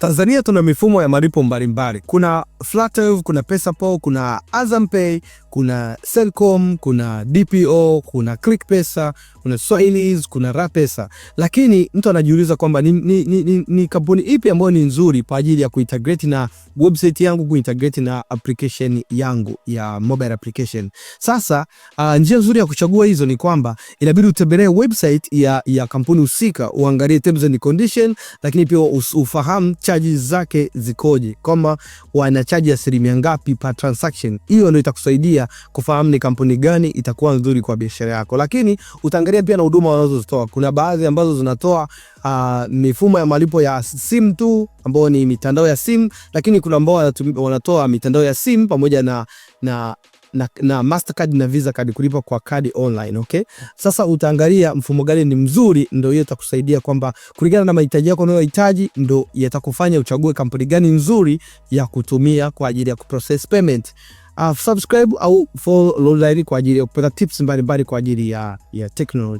Tanzania tuna mifumo ya malipo mbalimbali, kuna Flutterwave, kuna PesaPal, kuna azampay kuna Selcom, kuna DPO, kuna Click Pesa, kuna Swahili's, kuna Rapesa, lakini mtu anajiuliza kwamba ni, ni, ni, ni kampuni ipi ambayo ni nzuri kwa ajili ya kuintegrate na website yangu, kuintegrate na application yangu ya mobile application. Sasa uh, njia nzuri ya kuchagua hizo ni kwamba inabidi utembelee website ya, ya kampuni husika, uangalie terms and condition, lakini pia ufahamu charges zake zikoje, kama wanachaji asilimia ngapi per transaction. Hiyo ndio itakusaidia kuangalia kufahamu ni kampuni gani itakuwa nzuri kwa biashara yako, lakini utaangalia pia na huduma wanazozitoa. Kuna baadhi ambazo zinatoa uh, mifumo ya malipo ya simu tu ambao ni mitandao ya simu, lakini kuna ambao wanatoa mitandao ya simu pamoja na, na na, na Mastercard na Visa card kulipa kwa kadi online, okay? Sasa utaangalia mfumo gani ni mzuri, ndio hiyo itakusaidia kwamba kulingana na mahitaji yako unayohitaji, ndio yatakufanya uchague kampuni gani nzuri ya kutumia kwa ajili ya kuprocess payment uh, subscribe au follow Road Line kwa ajili ya kupata tips mbalimbali kwa ajili ya, ya technology.